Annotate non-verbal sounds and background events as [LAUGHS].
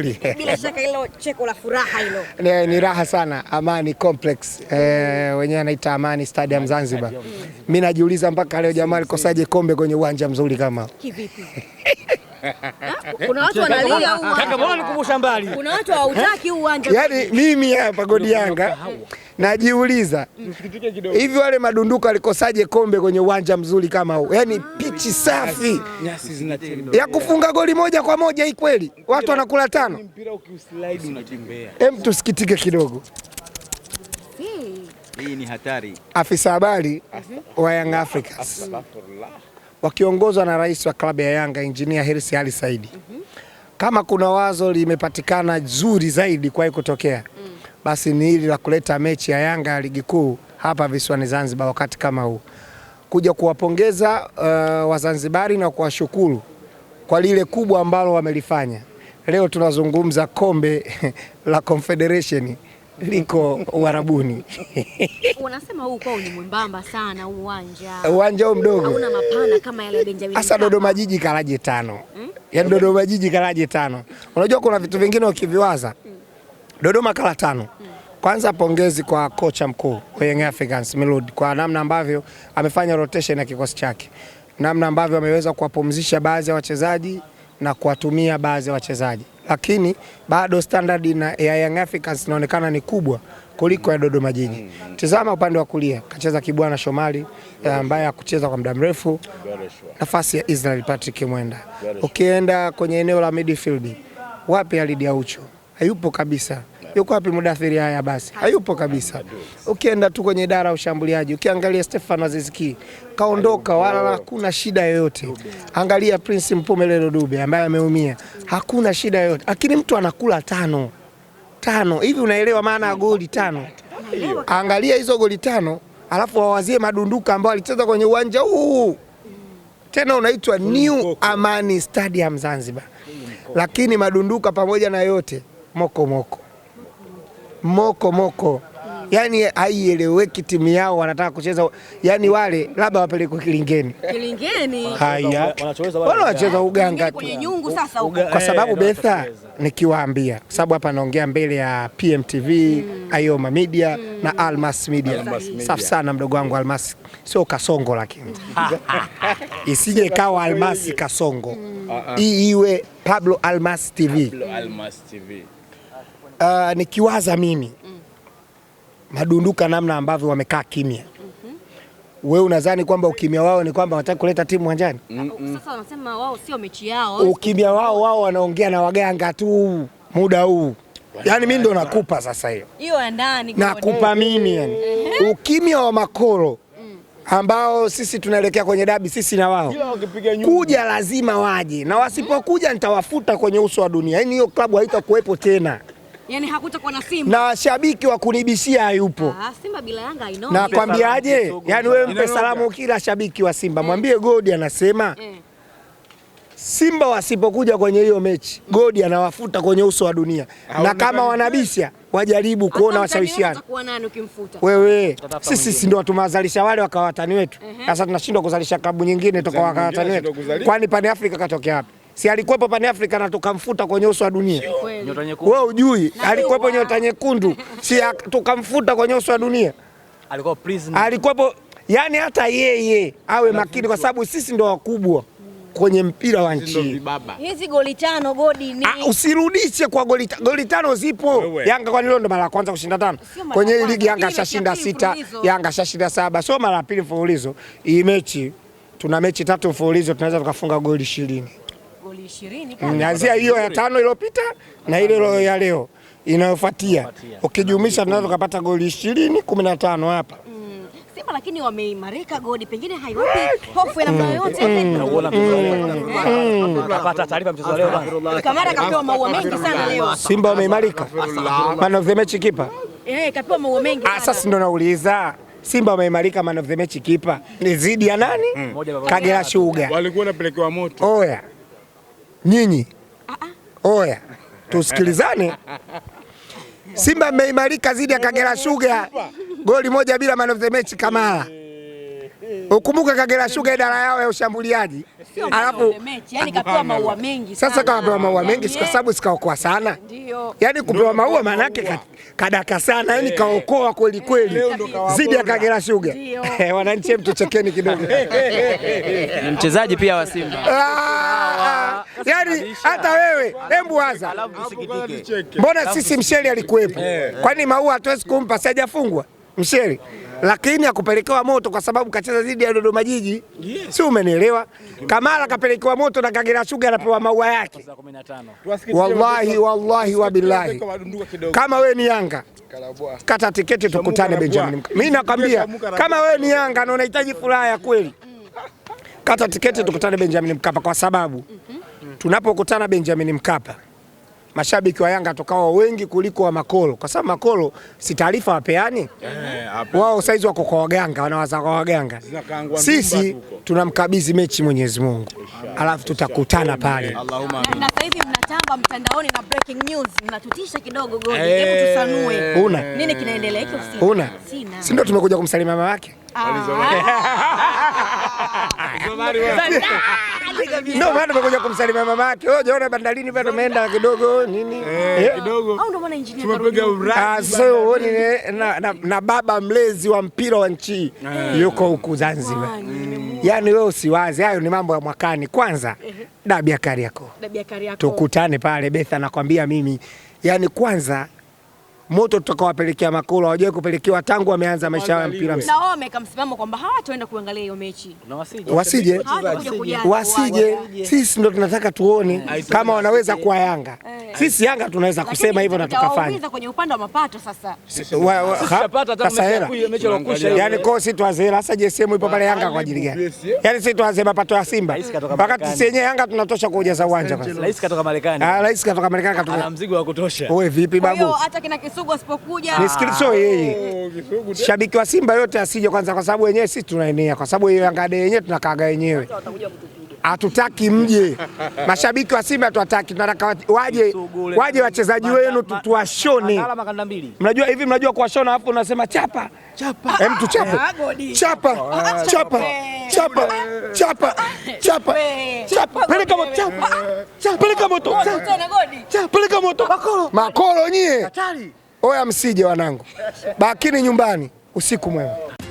nzuri. [LAUGHS] Bila shaka hilo cheko la furaha hilo. Ni, ni raha sana Amani Complex eh, wenyewe anaita Amani Stadium Zanzibar. Mimi mm. najiuliza mpaka leo jamaa alikosaje kombe kwenye uwanja mzuri kama. Kivipi? [LAUGHS] Kuna watu wanalia huko. Kaka mbona nikumbusha mbali? Kuna watu hawataki uwanja. Yaani mimi hapa Godi Yanga Najiuliza hivi wale madunduka walikosaje kombe kwenye uwanja mzuri kama huu? Yaani ah, pichi safi ya kufunga goli moja kwa moja hii kweli, watu wanakula tano. Yaani Hem, tusikitike kidogo. Hmm. Hii ni hatari. Afisa habari mhm. wa Young Africans wakiongozwa na rais wa klabu ya Yanga Injinia Hersi Ali Saidi, mhm. kama kuna wazo limepatikana zuri zaidi kwa kutokea basi ni hili la kuleta mechi ya Yanga ya ligi kuu hapa visiwani Zanzibar wakati kama huu, kuja kuwapongeza uh, Wazanzibari na kuwashukuru kwa lile kubwa ambalo wamelifanya. Leo tunazungumza kombe [LAUGHS] la Confederation liko Uarabuni. [LAUGHS] Unasema huu kwao ni mwembamba sana huu uwanja. Uwanja huu mdogo. Hauna mapana kama yale Benjamin. Sasa Dodoma jiji karaje tano. Hmm? Ya yaani Dodoma jiji karaje tano. Unajua kuna vitu vingine ukiviwaza hmm. Dodoma kala tano. Kwanza pongezi kwa kocha mkuu wa Young Africans Miloud kwa namna ambavyo amefanya rotation ya kikosi chake, namna ambavyo ameweza kuwapumzisha baadhi ya wachezaji na kuwatumia baadhi ya wachezaji, lakini bado standard na ya Young Africans inaonekana ni kubwa kuliko ya Dodoma Jiji. Tazama upande wa kulia, kacheza Kibwana Shomali eh, ambaye hakucheza kwa muda mrefu, nafasi ya Israel Patrick Mwenda. Ukienda kwenye eneo la midfield, wapi Alidi Aucho? Hayupo kabisa. Yuko wapi Mudathiri? Haya basi, hayupo kabisa. Ukienda tu kwenye idara ya ushambuliaji, ukiangalia Stefano Aziziki kaondoka, wala hakuna shida yoyote. Angalia Prince Mpumelelo Dube ambaye ameumia, hakuna shida yoyote, lakini mtu anakula tano tano hivi, unaelewa maana ya goli tano? Angalia hizo goli tano, alafu wawazie madunduka ambao alicheza kwenye uwanja huu tena unaitwa New Amani Stadium Zanzibar, lakini madunduka pamoja na yote moko moko moko moko yani haieleweki, timu yao wanataka kucheza, yani wale labda wapelekwe kilingeni kilingeni, haya wacheza uganga tu kwa sababu eh, Betha, nikiwaambia sababu hapa naongea mbele ya PMTV hmm. Ayoma Media hmm. na Almas Media, Safi sana mdogo wangu Almas, sio Kasongo lakini [LAUGHS] isije kawa Almasi Kasongo hmm. hii iwe Pablo Almas TV, Pablo Almas TV uh, nikiwaza mimi mm. madunduka namna ambavyo wamekaa kimya wewe unadhani kwamba ukimya wao ni kwamba wanataka kuleta timu uwanjani? mm Sasa wanasema wao sio mechi yao. Ukimya wao wao wanaongea na waganga tu muda huu, yaani mimi ndo nakupa sasa hiyo hiyo ya ndani nakupa mimi yani [LAUGHS] ukimya wa makoro mm. ambao sisi tunaelekea kwenye dabi sisi na wao kuja, lazima waje, na wasipokuja nitawafuta kwenye uso wa dunia, yaani hiyo klabu haitakuwepo tena yani hakutakuwa na Simba na shabiki wa kunibishia hayupo. Ah, Simba bila Yanga Na kwambiaje? Yani wewe mpe salamu kila shabiki wa Simba, eh. mwambie Godi anasema eh. Simba wasipokuja kwenye hiyo mechi Godi anawafuta kwenye uso wa dunia, na kama wanabisha wajaribu kuona washawishiana. Wewe sisi si ndio tumewazalisha wale wakawatani wetu, sasa tunashindwa kuzalisha klabu nyingine toka wakawatani wetu, kwani pani Afrika katokea wapi? si alikuwepo Pan Afrika na tukamfuta kwenye uso wa dunia. Wewe ujui alikuwepo nyota nyekundu, si tukamfuta kwenye uso wa dunia. Alikuwa prison. Alikuwepo, yani hata yeye awe makini kwa sababu sisi ndo wakubwa kwenye mpira wa nchi. Hizi goli tano godi ni ah, usirudishe kwa goli tano, goli tano zipo Wewe. Yanga kwani leo ndo mara ya kwanza kushinda tano kwenye hii ligi? Yanga shashinda sita, Yanga shashinda saba, sio mara ya pili mfululizo. Hii mechi tuna mechi tatu mfululizo, tunaweza tukafunga goli ishirini. Mm, anzia hiyo ya tano iliyopita na ile ya leo inayofuatia ukijumlisha, tunaweza kupata goli 20 15 hapa mm. Simba, lakini wameimarika godi, pengine haiwapi hofu ya namna mm. yoyote. Unapata taarifa mchezo leo bwana, Kamara kapewa maua mengi sana leo. Simba wameimarika, man of the match kipa eh, kapewa maua mengi ah, sana. Sasa ndo nauliza Simba wameimarika, man of the match kipa ni zidi ya nani? Kagera Sugar walikuwa wanapelekewa moto. Oya nyinyi, ah, ah. oya, tusikilizane. Simba ameimarika zidi ya Kagera Sugar goli moja bila, man of the match Kamara. Ukumbuka Kagera Sugar idara yao ya ushambuliaji, alafu yani kapewa maua mengi. Sasa kapewa maua yaani mengi kwa sababu sikaokoa sana, yani kupewa maua maana yake kadaka sana, yani eh. kaokoa kweli kweli zidi ya Kagera Sugar. [LAUGHS] Eh, wananchi, chekeni kidogo, [LAUGHS] ni mchezaji pia wa Simba ah! yani yaani, hata wewe hebu waza, mbona sisi msheli alikuwepo? Eh. Kwani maua hatuwezi kumpa? Si hajafungwa msheri lakini akupelekewa moto kwa sababu kacheza dhidi ya Dodoma Jiji, si umenielewa? Kamara kapelekewa moto na Kagera Sugar, anapewa maua yake. Wallahi, wallahi wabillahi, kama we ni Yanga kata tiketi tukutane Benjamin. Mimi nakwambia kama we ni Yanga na unahitaji furaha ya kweli, kata tiketi tukutane Benjamin Mkapa kwa sababu mm-hmm mm. tunapokutana Benjamin Mkapa mashabiki wa Yanga tukawa wengi kuliko wa Makolo kwa sababu Makolo si taarifa wapeani, yeah, wao saizi wako kwa waganga, wanawaza kwa waganga. Sisi tunamkabidhi mechi Mwenyezi Mungu, alafu tutakutana pale. Na sasa hivi mnatamba mtandaoni na breaking news, mnatutisha kidogo. Hebu eh. tusanue, una nini kinaendelea? Una tumekuja kumsalimia mama yake Ah. Ndio maana tumekuja kumsalimia mama yake. Wewe unaona bandarini bado umeenda kidogo nini? Eh, eh. Kidogo. Au ndio maana injinia tumepiga uradi. Ah, sasa uone na baba mlezi wa mpira wa nchi eh. yuko huku Zanzibar. Yaani wewe usiwaze, hayo ni mambo ya mwakani. Kwanza dabi ya Kariakoo. Dabi ya Kariakoo. Tukutane pale Betha, nakwambia mimi. Yaani kwanza moto tutakaowapelekea makolo hawajawai kupelekewa tangu wameanza maisha ya mpira. Na wao wameka msimamo kwamba hawataenda kuangalia hiyo mechi, wasije wasije. Sisi ndo tunataka tuone kama wanaweza kuwa Yanga. Eh. Sisi Yanga tunaweza kusema hivyo na tukafanya Tunaweza kwenye upande wa mapato. Sasa hata mechi mechi ya Yaani kwa sisi tuanze hela sasa. JSM ipo pale Yanga kwa ajili gani? Yani si tuanze mapato ya Simba wakati sisi yenyewe Yanga tunatosha kujaza uwanja. Rais katoka Marekani, Ah, rais katoka Marekani, katoka ana mzigo wa kutosha. Wewe vipi babu? Hata kina Kisugu asipokuja ah. sio yeye, oh, shabiki wa Simba yote asije kwanza, kwa sababu wenyewe sisi tunaenea, kwa sababu hiyo Yanga yenyewe tunakaaga wenyewe, hatutaki mje. [LAUGHS] Mashabiki wa Simba tuwataki, tunataka waje, waje wachezaji wenu tuwashone. Mnajua hivi, mnajua kuwashona, alafu unasema chapa chapa, hem eh, tu eh, ah, chapa chapa chapa eh. chapa chapa chapa chapa, peleka moto chapa, peleka moto, chapa, peleka moto makolo nyie. Oya, msije wanangu, bakini nyumbani. Usiku mwema.